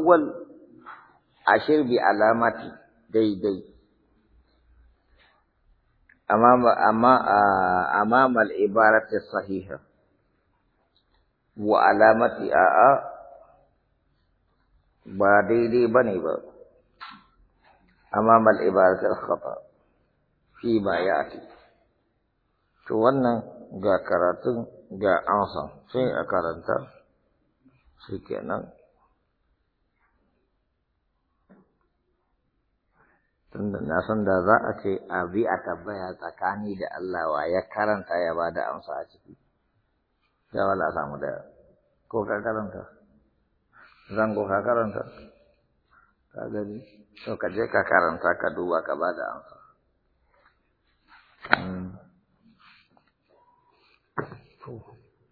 الأول أشير بعلامة دي دي أمام, أمام, أمام العبارة الصحيحة وعلامة آآ ba daidai ba ne ba, amma mal’ibarar kafa fi ba ya To wannan ga karatun ga ansa sai a karanta, shi kenan. tunda na san da za a ce a bi a tabbaya tsakani da Allah wa ya karanta ya ba da amsa a ciki Ya wala a samu da ko ka karanta Zan ko ka karanta ka gani to ka je ka karanta ka duba ka ba da amsa Thank hmm. you.